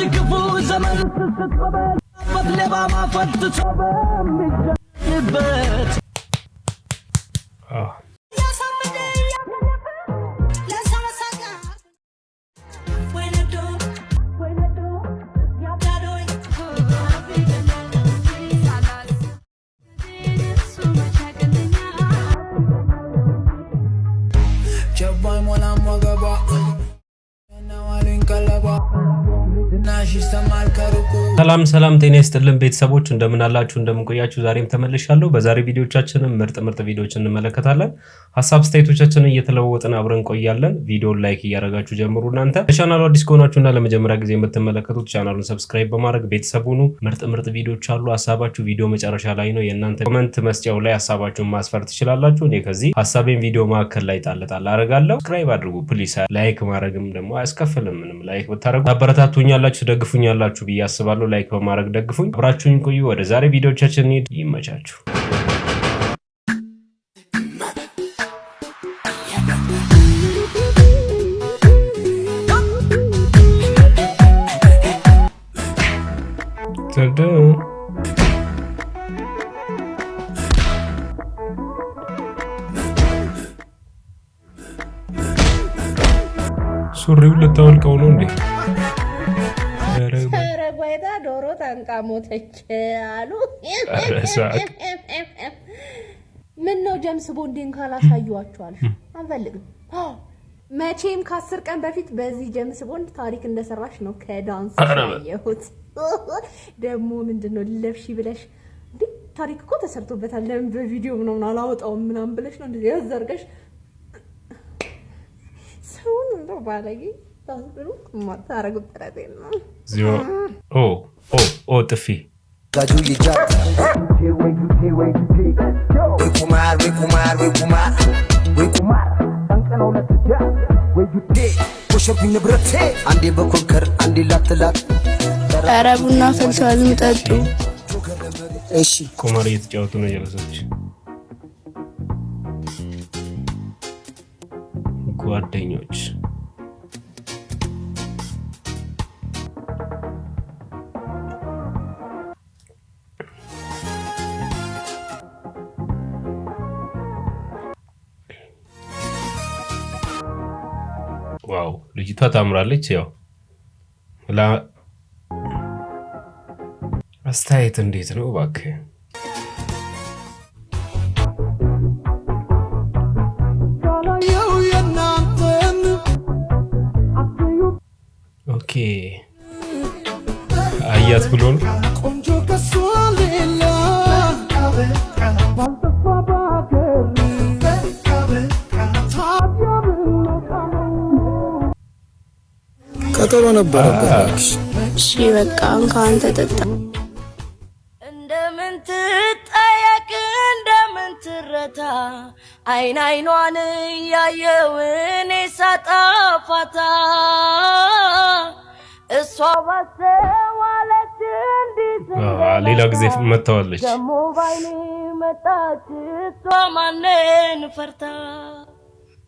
በዚህ ክፉ ዘመን ስትቆመበት ሌባ ማፈትቶ በሚበት ሰላም ሰላም፣ ጤና ይስጥልን ቤተሰቦች እንደምን አላችሁ እንደምን ቆያችሁ? ዛሬም ተመልሻለሁ። በዛሬ ቪዲዮቻችንም ምርጥ ምርጥ ቪዲዮች እንመለከታለን። ሀሳብ አስተያየቶቻችንን እየተለዋወጥን አብረን ቆያለን። ቪዲዮን ላይክ እያደረጋችሁ ጀምሩ። እናንተ ለቻናሉ አዲስ ከሆናችሁና ለመጀመሪያ ጊዜ የምትመለከቱት ቻናሉን ሰብስክራይብ በማድረግ ቤተሰብ ሁኑ። ምርጥ ምርጥ ቪዲዮች አሉ። ሀሳባችሁ ቪዲዮ መጨረሻ ላይ ነው። የእናንተ ኮመንት መስጫው ላይ ሀሳባችሁን ማስፈር ትችላላችሁ። እኔ ከዚህ ሀሳቤን ቪዲዮ መካከል ላይ ጣልጣል አደርጋለሁ። ሰብስክራይብ አድርጉ ፕሊስ። ላይክ ማድረግም ደግሞ አያስከፍልም። ምንም ላይክ ብታደረጉ ታበረታቱኛላችሁ ትደግፉኝ ያላችሁ ብዬ አስባለሁ። ላይክ በማድረግ ደግፉኝ። አብራችሁኝ ቆዩ። ወደ ዛሬ ቪዲዮቻችን እንሂድ። ይመቻችሁ። ሱሪው ልታወልቀው ነው እንዴ? ሞተች አሉ። ምን ነው ጀምስ ቦንዴን ካላሳዩዋቸዋል አንፈልግም። መቼም ከአስር ቀን በፊት በዚህ ጀምስ ቦንድ ታሪክ እንደሰራሽ ነው ከዳንስ ያየሁት። ደግሞ ምንድን ነው ልለብሺ ብለሽ ታሪክ እኮ ተሰርቶበታል። ለምን በቪዲዮ ምናምን አላወጣውም ምናምን ብለሽ ነው እንደዚህ ያዘርገሽ ሰውን እንደው ባለጌ ታስብሩ ማታረጉ ጥረት ነው or ጥፊ አንዴ በኮንከር አንዴ ላትላት ኧረ ቡና ፈልቷል ጠጡ። እሺ ቁማር እየተጫወቱ ነው የጨረሰች ጓደኞች ልጅቷ ታምራለች። ያው አስተያየት እንዴት ነው እባክህ? አያት ብሎ ነው መቀጠሎ ነበረበት። እሺ በቃ እንኳን ተጠጣ። እንደምን ትጠየቅ እንደምን ትረታ አይን አይኗን እያየው እኔ ሳጣፋታ እሷ ባሰዋለች ሌላ ጊዜ መታዋለች ደሞ ባይኔ መጣች እሷ ማንን ፈርታ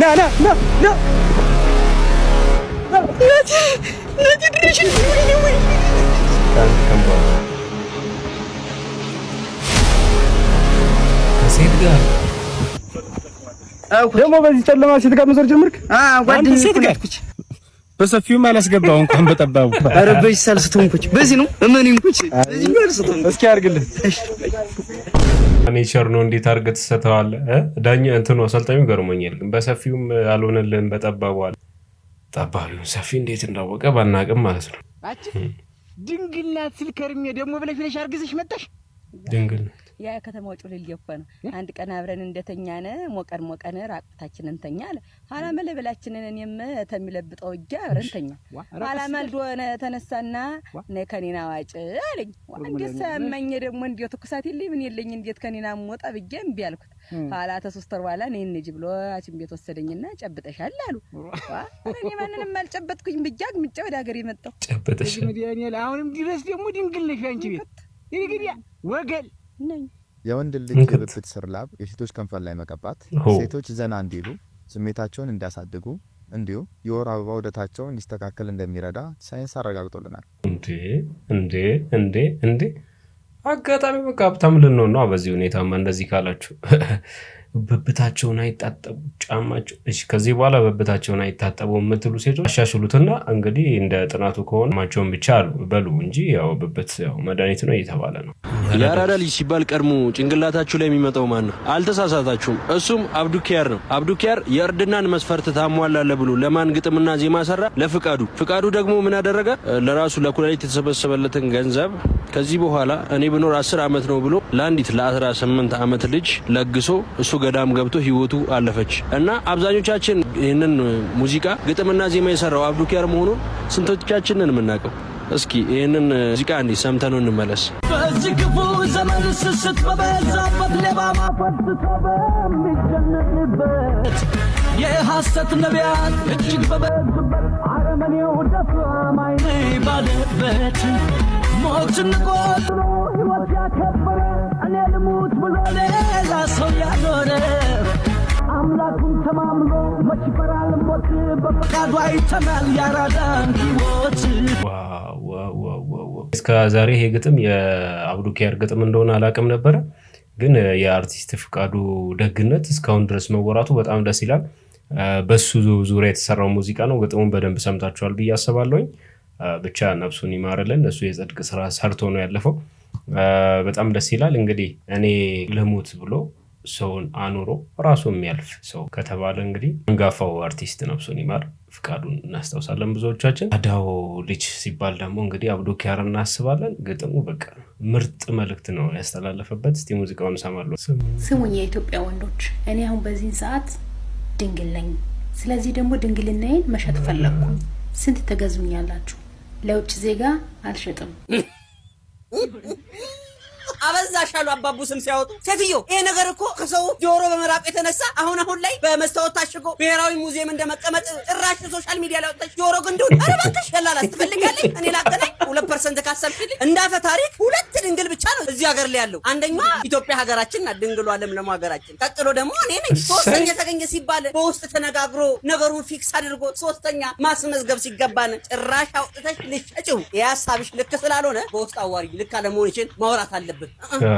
ና ና ና ና ደግሞ በዚህ ጨለማ ሴት ጋር መዞር ጀምርክ። በሰፊውም አላስገባው እንኳን በጠባቡ በዚህ ነው እመኒንኩች እስኪ ኔቸር ነው እንዴት አድርገህ ትሰተዋለህ? ዳኛ እንትኑ አሰልጣኙ ገርሞኛል፣ ግን በሰፊውም አልሆነልህም። በጠባቧል ጠባቢውን ሰፊ እንዴት እንዳወቀ ባናቅም ማለት ነው። ድንግልና ስልከርሜ ደግሞ ብለሽ ብለሽ አርግዘሽ መጣሽ ድንግል ያ ከተማው ጩልል ነው። አንድ ቀን አብረን እንደተኛነ ሞቀን ሞቀን ራቁታችን እንተኛ አለ። ኋላ መለበላችንን እኔም ተሚለብጠው እጃ አብረን እንተኛ። ኋላ ማልዶ ተነሳና ነ ከኔና ዋጭ አለኝ። እንዴት ሳያመኝ ደግሞ እንዲሁ ትኩሳት የለኝ ምን የለኝ እንዴት ከኔና ሞጣ ብዬ እምቢ አልኩት። ኋላ ተሶስት ወር በኋላ ነይ እንሂድ ብሎ ሐኪም ቤት ወሰደኝና ጨብጠሻል አሉ። እኔ ማንንም አልጨበጥኩኝ ብዬ አግምጬ ወደ ሀገር የመጣሁ ጨበጠሽ። አሁንም ድረስ ደግሞ ድንግል ነሽ አንቺ ቤት ግዲያ ወገል የወንድ ልጅ ብብት ስር ላብ የሴቶች ከንፈር ላይ መቀባት ሴቶች ዘና እንዲሉ ስሜታቸውን እንዲያሳድጉ እንዲሁም የወር አበባ ዑደታቸው እንዲስተካከል እንደሚረዳ ሳይንስ አረጋግጦልናል። እንዴ እንዴ እንዴ እንዴ! አጋጣሚ በቃ ሀብታም ልንሆን ነው በዚህ ሁኔታማ እንደዚህ ካላችሁ ብብታቸውን አይታጠቡ፣ ጫማቸው ከዚህ በኋላ ብብታቸውን አይታጠቡ የምትሉ ሴቶች አሻሽሉትና እንግዲህ እንደ ጥናቱ ከሆነ ማቸውን ብቻ አሉ በሉ እንጂ ያው ብብት ያው መድኃኒት ነው እየተባለ ነው። የአራዳ ልጅ ሲባል ቀድሞ ጭንቅላታችሁ ላይ የሚመጣው ማን ነው? አልተሳሳታችሁም። እሱም አብዱኪያር ነው። አብዱኪያር የእርድናን መስፈርት ታሟላለ ብሎ ለማን ግጥምና ዜማ ሰራ? ለፍቃዱ። ፍቃዱ ደግሞ ምን አደረገ? ለራሱ ለኩላሊት የተሰበሰበለትን ገንዘብ ከዚህ በኋላ እኔ ብኖር አስር ዓመት ነው ብሎ ለአንዲት ለ18 ዓመት ልጅ ለግሶ እሱ ገዳም ገብቶ ህይወቱ አለፈች እና አብዛኞቻችን ይህንን ሙዚቃ ግጥምና ዜማ የሰራው አብዱኪያር መሆኑን ስንቶቻችንን የምናውቀው? እስኪ ይህንን ሙዚቃ እንዲ ሰምተነው እንመለስ። በዚህ ክፉ ዘመን ስስት በበዛበት ሌባ የሐሰት ነቢያት እጅግ በበዙበት አረመኔው ባለበት እስከ ዛሬ ይሄ ግጥም የአብዱኪያር ግጥም እንደሆነ አላውቅም ነበረ፣ ግን የአርቲስት ፍቃዱ ደግነት እስካሁን ድረስ መወራቱ በጣም ደስ ይላል። በሱ ዙሪያ የተሰራው ሙዚቃ ነው። ግጥሙን በደንብ ሰምታችኋል ብዬ አስባለሁኝ። ብቻ ነፍሱን ይማርልን። እሱ የጽድቅ ስራ ሰርቶ ነው ያለፈው። በጣም ደስ ይላል። እንግዲህ እኔ ልሙት ብሎ ሰውን አኑሮ ራሱ የሚያልፍ ሰው ከተባለ እንግዲህ አንጋፋው አርቲስት ነፍሱን ይማር ፍቃዱን እናስታውሳለን ብዙዎቻችን። አዳው ልጅ ሲባል ደግሞ እንግዲህ አብዶ ኪያር እናስባለን። ግጥሙ በቃ ምርጥ መልእክት ነው ያስተላለፈበት። እስቲ ሙዚቃውን ሰማሉ። ስሙኝ የኢትዮጵያ ወንዶች፣ እኔ አሁን በዚህን ሰዓት ድንግል ነኝ። ስለዚህ ደግሞ ድንግልናዬን መሸጥ ፈለግኩ። ስንት ተገዙኛላችሁ? ለውጭ ዜጋ አልሸጥም። አበዛሻሉ አባቡ ስም ሲያወጡ ሴትዮ፣ ይሄ ነገር እኮ ከሰው ጆሮ በመራቅ የተነሳ አሁን አሁን ላይ በመስታወት ታሽጎ ብሔራዊ ሙዚየም እንደመቀመጥ ጭራሽ ሶሻል ሚዲያ ላይ ወጥተሽ ጆሮ ግንዱን ኧረ እባክሽ ደላላ ትፈልጋለች። እኔ ላገናኝ ሁለት ፐርሰንት ካሰብሽልኝ እንዳፈ ታሪክ ሁለት ድንግል ብቻ ነው እዚህ ሀገር ላይ ያለው። አንደኛ ኢትዮጵያ ሀገራችን ድንግሉ ድንግሏ ለምለሙ ሀገራችን። ቀጥሎ ደግሞ እኔ ነኝ። ሶስተኛ የተገኘ ሲባል በውስጥ ተነጋግሮ ነገሩን ፊክስ አድርጎ ሶስተኛ ማስመዝገብ ሲገባን ጭራሽ አውጥተሽ ልሸጭው የሀሳብሽ ልክ ስላልሆነ በውስጥ አዋሪ ልክ አለመሆንሽን ማውራት አለብን።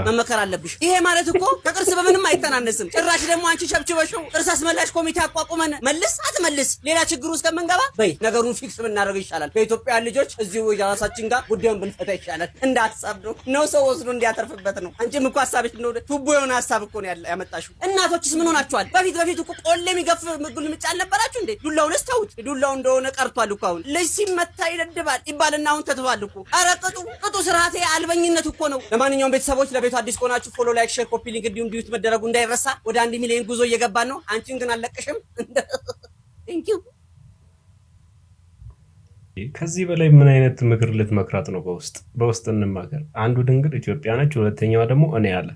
መመከር አለብሽ። ይሄ ማለት እኮ ከቅርስ በምንም አይተናነስም። ጭራሽ ደግሞ አንቺ ሸብችበሽው ቅርስ አስመላሽ ኮሚቴ አቋቁመን መልስ አትመልስ ሌላ ችግር ውስጥ ከምንገባ በይ ነገሩን ፊክስ ብናደርገው ይሻላል። በኢትዮጵያ ልጆች እዚሁ የራሳችን ጋር ጉዳዩን ብንፈታ ይሻላል። እንዳትሳብ ነው ነው ሰው ወስዶ እንዲያተርፍበት ነው። አንቺም እኮ ሀሳብሽ እንደሆነ ቱቦ የሆነ ሀሳብ እኮ ነው ያመጣሽው። እናቶችስ ምን ሆናችኋል? በፊት በፊት እኮ ቆሌ የሚገፍ ጉልምጫ አልነበራችሁ እንዴ? ዱላውን ተውት። ዱላው እንደሆነ ቀርቷል እኮ አሁን። ልጅ ሲመታ ይደድባል ይባልና አሁን ተትቷል እኮ። ኧረ ቅጡ ቅጡ! ስርዓቴ አልበኝነት እኮ ነው። ለማንኛውም ቤተሰቦች ለቤቱ አዲስ ከሆናችሁ ፎሎ፣ ላይክ፣ ሼር፣ ኮፒ ሊንክ እንዲሁም ዲዩት መደረጉ እንዳይረሳ። ወደ አንድ ሚሊዮን ጉዞ እየገባን ነው። አንቺን ግን አልለቅሽም። ከዚህ በላይ ምን አይነት ምክር ልትመክራት ነው? በውስጥ በውስጥ እንማገር። አንዱ ድንግል ኢትዮጵያ ነች፣ ሁለተኛዋ ደግሞ እኔ ያለ።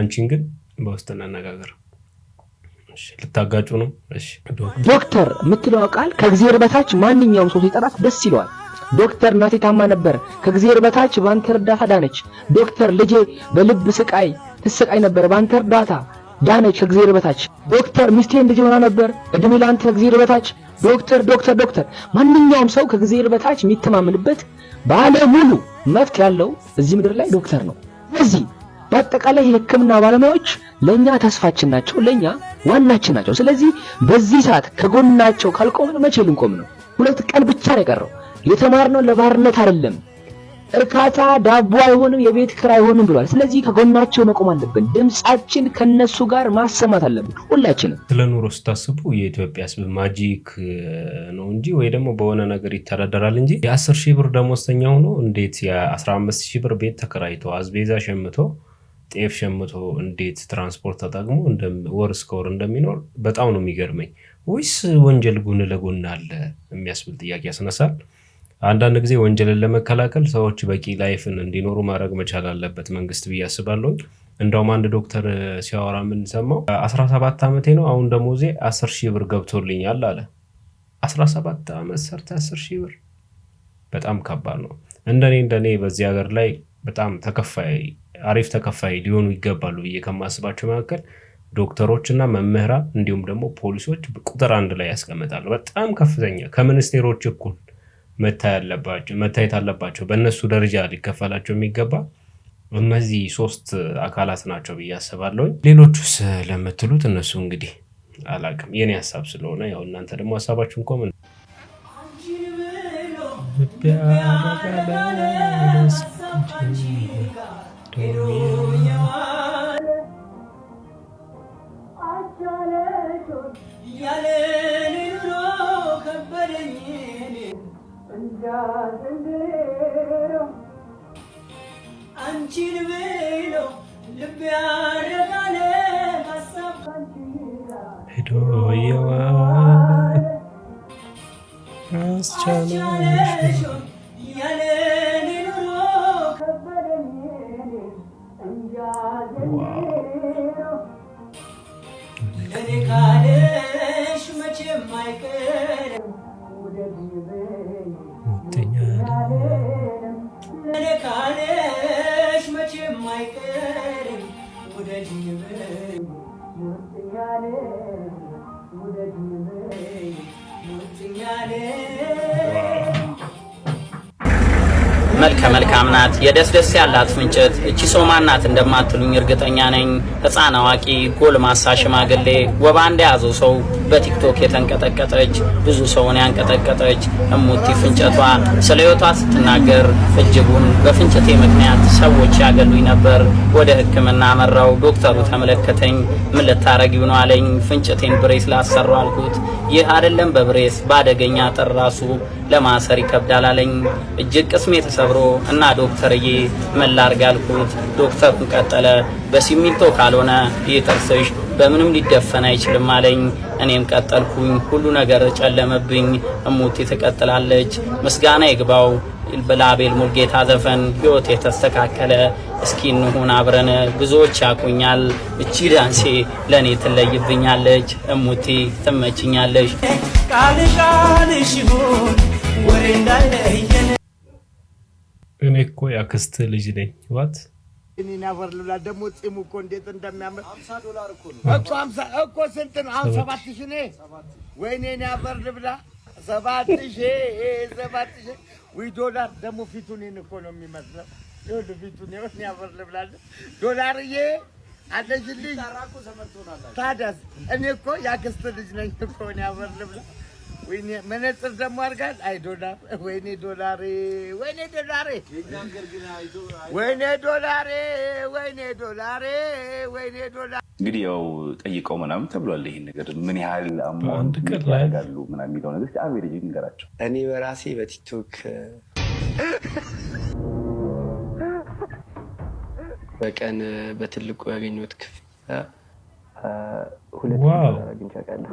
አንቺን ግን በውስጥ እናነጋገር። ልታጋጩ ነው? ዶክተር የምትለው ቃል ከእግዚአብሔር በታች ማንኛውም ሰው ሲጠራት ደስ ይለዋል። ዶክተር እናቴ ታማ ነበር። ከእግዚአብሔር በታች ባንተ እርዳታ ዳነች። ዶክተር ልጄ በልብ ስቃይ ትስቃይ ነበር። ባንተ እርዳታ ዳነች ከእግዚአብሔር በታች። ዶክተር ሚስቴን ልጅ ሆና ነበር። እድሜ ላንተ ከእግዚአብሔር በታች። ዶክተር ዶክተር ዶክተር ማንኛውም ሰው ከእግዚአብሔር በታች የሚተማመንበት ባለሙሉ ሙሉ ያለው እዚህ ምድር ላይ ዶክተር ነው። ስለዚህ በአጠቃላይ የሕክምና ባለሙያዎች ለኛ ተስፋችን ናቸው፣ ለኛ ዋናችን ናቸው። ስለዚህ በዚህ ሰዓት ከጎናቸው ካልቆምን መቼ ልንቆም ነው? ሁለት ቀን ብቻ ነው የቀረው። የተማርነው ለባርነት አይደለም። እርካታ ዳቦ አይሆንም፣ የቤት ኪራይ አይሆንም ብሏል። ስለዚህ ከጎናቸው መቆም አለብን። ድምፃችን ከነሱ ጋር ማሰማት አለብን ሁላችንም። ስለ ኑሮ ስታስቡ የኢትዮጵያ ሕዝብ ማጂክ ነው እንጂ ወይ ደግሞ በሆነ ነገር ይተዳደራል እንጂ የአስር ሺህ ብር ደሞዝተኛ ሆኖ እንዴት የአስራ አምስት ሺህ ብር ቤት ተከራይቶ አስቤዛ ሸምቶ ጤፍ ሸምቶ እንዴት ትራንስፖርት ተጠቅሞ ወር እስከ ወር እንደሚኖር በጣም ነው የሚገርመኝ። ወይስ ወንጀል ጎን ለጎን አለ የሚያስብል ጥያቄ ያስነሳል። አንዳንድ ጊዜ ወንጀልን ለመከላከል ሰዎች በቂ ላይፍን እንዲኖሩ ማድረግ መቻል አለበት መንግስት ብዬ አስባለሁ። እንደውም አንድ ዶክተር ሲያወራ የምንሰማው አስራ ዓመቴ ነው አሁን ደሞዜ አስር ሺህ ብር ገብቶልኛል አለ። አስራ ዓመት ሰርተ አስር ሺህ ብር በጣም ከባድ ነው። እንደኔ እንደኔ በዚህ ሀገር ላይ በጣም ተከፋይ አሪፍ ተከፋይ ሊሆኑ ይገባሉ ብዬ ከማስባቸው መካከል ዶክተሮች እና መምህራን እንዲሁም ደግሞ ፖሊሶች ቁጥር አንድ ላይ ያስቀምጣሉ። በጣም ከፍተኛ ከሚኒስቴሮች እኩል መታየት አለባቸው። በእነሱ ደረጃ ሊከፈላቸው የሚገባ እነዚህ ሶስት አካላት ናቸው ብዬ አስባለሁ። ሌሎቹስ ለምትሉት እነሱ እንግዲህ አላቅም፣ የኔ ሀሳብ ስለሆነ ያው እናንተ ደግሞ ሀሳባችሁን ኮምን ያለ እንዳትንድረው አንቺን ብሎ ልብ ያደጋለ ሀሳብ ሄዶ የዋል አስቻለሽ ውደድ ውደድ መልከ መልካም ናት፣ የደስ ደስ ያላት ፍንጭት እቺ ሶማ ናት እንደማትሉኝ እርግጠኛ ነኝ። ህፃን፣ አዋቂ፣ ጎልማሳ፣ ሽማግሌ ወባ እንደያዘው ሰው በቲክቶክ የተንቀጠቀጠች ብዙ ሰውን ያንቀጠቀጠች እሙቲ ፍንጨቷ ስለ ህይወቷ ስትናገር እጅጉን በፍንጨቴ ምክንያት ሰዎች ያገሉኝ ነበር። ወደ ሕክምና መራው ዶክተሩ ተመለከተኝ። ምን ልታረጊው ነው አለኝ። ፍንጨቴን ብሬስ ላሰራው አልኩት። ይህ አይደለም በብሬስ በአደገኛ ጠር ራሱ ለማሰር ይከብዳል አለኝ። እጅግ ቅስሜ የተሰበረ አብሮ እና ዶክተርዬ መላርግ ያልኩት ዶክተር ቀጠለ በሲሚንቶ ካልሆነ ይህ በምንም ሊደፈን አይችልም አለኝ። እኔም ቀጠልኩኝ። ሁሉ ነገር ጨለመብኝ። እሙቴ ትቀጥላለች። ምስጋና ይግባው በላቤል ሙልጌታ ዘፈን ህይወት የተስተካከለ እስኪ እንሁን አብረን። ብዙዎች ያቁኛል፣ እቺ ዳንሴ ለእኔ ትለይብኛለች። እሙቴ ትመችኛለች። ቃል ቃልሽ ይሁን ወሬ እንዳለየን እኔ እኮ ያክስት ልጅ ነኝ። ዋት እኔን ያፈር ልብላ ደግሞ ፂሙ እኮ እንዴት እንደሚያምር እኮ ስንት ነው አሁን? ሰባት ሺህ ያፈር ልብላ ሰባት ሺህ ሰባት ሺህ ዶላር ደግሞ ፊቱን ይህን እኮ ነው የሚመስለው። ፊቱን ይሁን ያፈር ልብላ ዶላርዬ ታዲያስ እኔ እኮ ያክስት ልጅ ነኝ እኮ ያፈር ልብላ ወይኔ መነጽር ደግሞ አድርጋል። አይ ዶላር፣ ወይኔ ዶላሬ፣ ወይኔ ዶላሬ፣ ወይኔ ዶላሬ፣ ወይኔ ዶላሬ፣ ወይኔ ዶላሬ። እንግዲህ ያው ጠይቀው ምናምን ተብሏል። ይህን ነገር ምን ያህል አማውንት ያደርጋሉ ምናምን የሚለው ነገር አቬሬጅ ንገራቸው። እኔ በራሴ በቲክቶክ በቀን በትልቁ ያገኘሁት ክፍያ ሁለት አግኝቼ አውቃለሁ።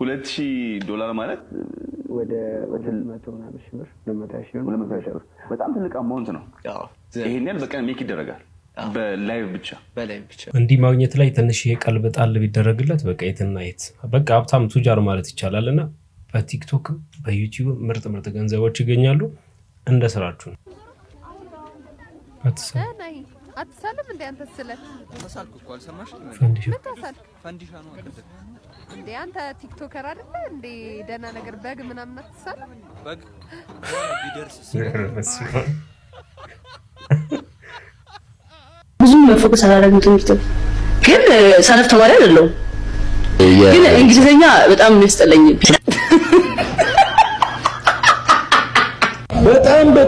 ሁለት ሺህ ዶላር ማለት ወደ መቶ ምናምን ሺህ ብር በጣም ትልቅ አማውንት ነው። ይሄን ያህል በቀን ሜክ ይደረጋል። በላይቭ ብቻ እንዲህ ማግኘት ላይ ትንሽ ይሄ ቀልብ ጣል ቢደረግለት በቃ የትና የት በቃ ሀብታም ቱጃር ማለት ይቻላል እና በቲክቶክ በዩቲዩብ ምርጥ ምርጥ ገንዘቦች ይገኛሉ። እንደ ስራችሁ አንተ ቲክቶከር አይደለ ደህና ነገር በግ ምናምን ብዙም አላደረግም። ትምህርት ግን ሰነፍ ተማሪ አይደለሁም፣ ግን እንግሊዝኛ በጣም የሚያስጠላኝ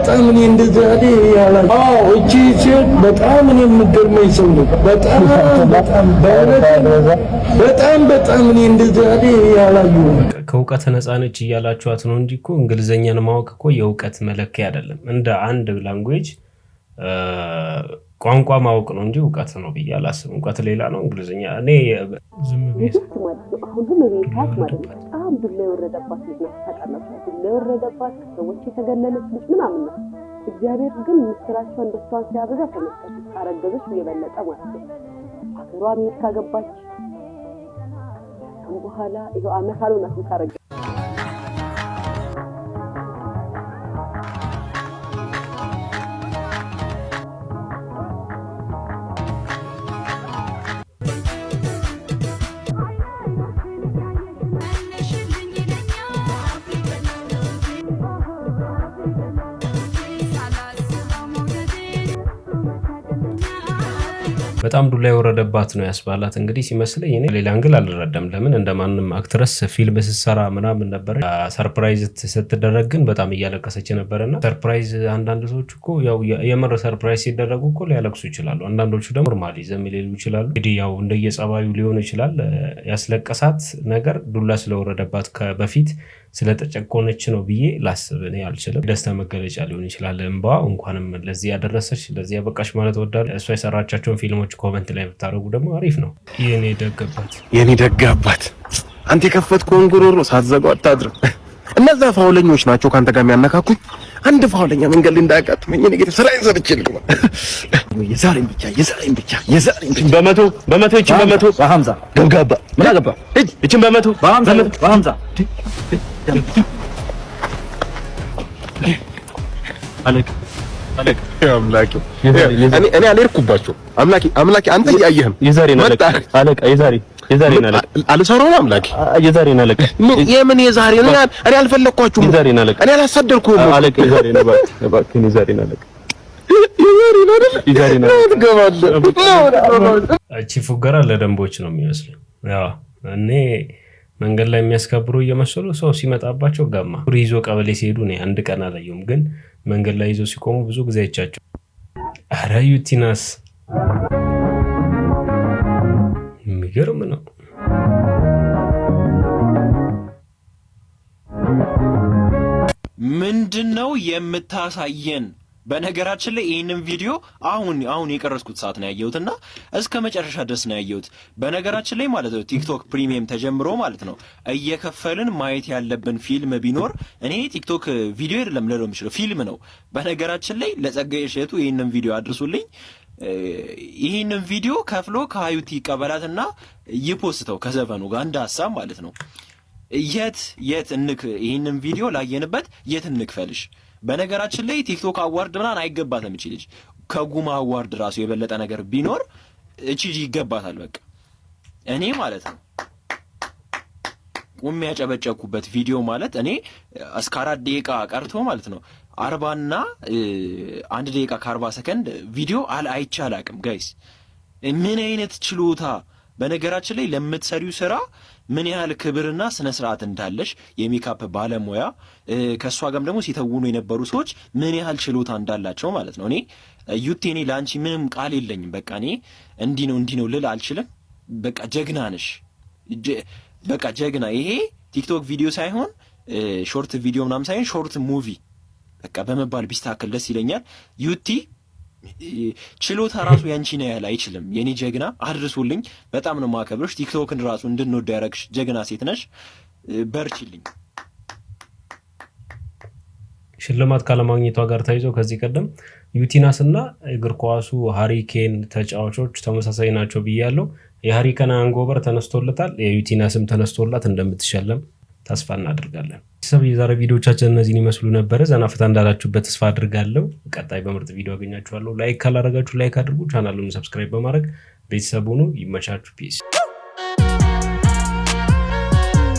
በጣም እኔ እንደዛ አለ ያላ አዎ፣ እቺ ሴት በጣም እኔ የምትገርመኝ ሰው ነው። በጣም በጣም በጣም በጣም እኔ እንደዚህ አለ ከእውቀት ነፃ ነች እያላችኋት ነው እንጂ እኮ እንግሊዘኛን ማወቅ እኮ የእውቀት መለኪያ አይደለም። እንደ አንድ ላንጉዌጅ ቋንቋ ማወቅ ነው እንጂ እውቀት ነው ብዬ አላስብም። እውቀት ሌላ ነው። እንግሊዝኛ እኔ ሁሉም ማለት ነው። በጣም ዱላ የወረደባት ዱላ የወረደባት ሰዎች የተገለለች ልጅ ምናምን ነው። እግዚአብሔር ግን ምስራቸው እንደሷን ሲያበዛ ተመጠች አረገዘች እየበለጠ ማለት ነው። አገሯ ሚስት ካገባች በኋላ ይኸው አመት አልሆናትም ካረገ በጣም ዱላ የወረደባት ነው ያስባላት እንግዲህ ሲመስለኝ። እኔ ሌላ እንግል አልረዳም። ለምን እንደማንም አክትረስ ፊልም ስትሰራ ምናምን ነበረ። ሰርፕራይዝ ስትደረግ ግን በጣም እያለቀሰች ነበረና ሰርፕራይዝ፣ አንዳንድ ሰዎች እኮ ያው የምር ሰርፕራይዝ ሲደረጉ እኮ ሊያለቅሱ ይችላሉ። አንዳንዶቹ ደግሞ ኖርማሊ ዘም ሊሉ ይችላሉ። እንግዲህ ያው እንደየጸባዩ ሊሆን ይችላል። ያስለቀሳት ነገር ዱላ ስለወረደባት ከበፊት ስለተጨቆነች ነው ብዬ ላስብ እኔ አልችልም። ደስታ መገለጫ ሊሆን ይችላል እንባ። እንኳንም ለዚህ ያደረሰች ለዚህ ያበቃሽ ማለት እወዳለሁ። እሷ የሰራቻቸውን ፊልሞች ኮመንት ላይ ብታደርጉ ደግሞ አሪፍ ነው። የኔ ደገባት የኔ ደገባት አንተ የከፈትከውን ጉሮሮ ሳትዘጋው አታድርም። እነዛ ፋውለኞች ናቸው ከአንተ ጋር የሚያነካኩኝ። አንድ ፋውለኛ መንገድ እንዳያጋጥመኝ ኔጌቲቭ ስራ ይዘርችል የዛሬም ብቻ የዛሬም ብቻ የዛሬም ብቻ በመቶ በመቶ ይችን በመቶ በሀምሳ ገብጋባ ምን አገባ ይችን በመቶ በሀምሳ በሀምሳ አለቅ እኔ እኔ አምላኬ አምላኬ አንተ እያየህም የዛሬን አለቅ አለቅ አምላኬ የዛሬን አለቅ የምን የዛሬን እኔ አልፈለኳችሁም የዛሬን አለቅ እኔ አላሳደድኩም እቺ ፉገራ ለደንቦች ነው የሚመስለው። እኔ መንገድ ላይ የሚያስከብሩ እየመሰሉ ሰው ሲመጣባቸው ጋማ ይዞ ቀበሌ ሲሄዱ እኔ አንድ ቀን አላየሁም፣ ግን መንገድ ላይ ይዞ ሲቆሙ ብዙ ጊዜ አይቻቸው። አረ ዩቲናስ የሚገርም ነው። ምንድን ነው የምታሳየን? በነገራችን ላይ ይህንን ቪዲዮ አሁን አሁን የቀረጽኩት ሰዓት ነው ያየሁት እና እስከ መጨረሻ ድረስ ነው ያየሁት። በነገራችን ላይ ማለት ነው ቲክቶክ ፕሪሚየም ተጀምሮ ማለት ነው እየከፈልን ማየት ያለብን ፊልም ቢኖር እኔ ቲክቶክ ቪዲዮ አይደለም ልለው የምችለው ፊልም ነው። በነገራችን ላይ ለጸጋዬ እሸቱ ይህንን ቪዲዮ አድርሱልኝ። ይህንን ቪዲዮ ከፍሎ ከሀዩቲ ይቀበላትና ይፖስተው ከዘፈኑ ጋር እንደ ሀሳብ ማለት ነው። የት የት እንክ ይህንን ቪዲዮ ላየንበት የት እንክፈልሽ በነገራችን ላይ ቲክቶክ አዋርድ ምናን አይገባትም። እቺ ልጅ ከጉማ አዋርድ ራሱ የበለጠ ነገር ቢኖር እቺ ልጅ ይገባታል። በቃ እኔ ማለት ነው ቁም ያጨበጨኩበት ቪዲዮ ማለት እኔ እስከ አራት ደቂቃ ቀርቶ ማለት ነው አርባና አንድ ደቂቃ ከአርባ ሰከንድ ቪዲዮ አይቻል አቅም ጋይስ ምን አይነት ችሎታ በነገራችን ላይ ለምትሰሪው ስራ ምን ያህል ክብርና ስነ ስርዓት እንዳለሽ የሜካፕ ባለሙያ ከእሷ ጋርም ደግሞ ሲተውኑ የነበሩ ሰዎች ምን ያህል ችሎታ እንዳላቸው ማለት ነው። እኔ ዩቲ፣ እኔ ለአንቺ ምንም ቃል የለኝም። በቃ እኔ እንዲህ ነው እንዲህ ነው ልል አልችልም። በቃ ጀግና ነሽ። በቃ ጀግና። ይሄ ቲክቶክ ቪዲዮ ሳይሆን ሾርት ቪዲዮ ምናምን ሳይሆን ሾርት ሙቪ በቃ በመባል ቢስተካከል ደስ ይለኛል ዩቲ ችሎታ ራሱ ያንቺ ነው ያህል አይችልም። የኔ ጀግና አድርሱልኝ። በጣም ነው ማከብርሽ። ቲክቶክን ራሱ እንድንወድ ያረግሽ ጀግና ሴት ነሽ። በርችልኝ። ሽልማት ካለማግኘቷ ጋር ተይዞ ከዚህ ቀደም ዩቲናስ እና እግር ኳሱ ሃሪኬን ተጫዋቾች ተመሳሳይ ናቸው ብያለሁ። የሃሪኬን አንጎበር ተነስቶለታል፣ የዩቲናስም ተነስቶላት እንደምትሸለም ተስፋ እናደርጋለን። ሰብ የዛሬ ቪዲዮቻችን እነዚህን ይመስሉ ነበረ። ዘና ፍታ እንዳላችሁበት ተስፋ አድርጋለሁ። ቀጣይ በምርጥ ቪዲዮ አገኛችኋለሁ። ላይክ ካላረጋችሁ ላይክ አድርጉ። ቻናሉን ሰብስክራይብ በማድረግ ቤተሰብ ሁኑ። ይመቻችሁ። ፒስ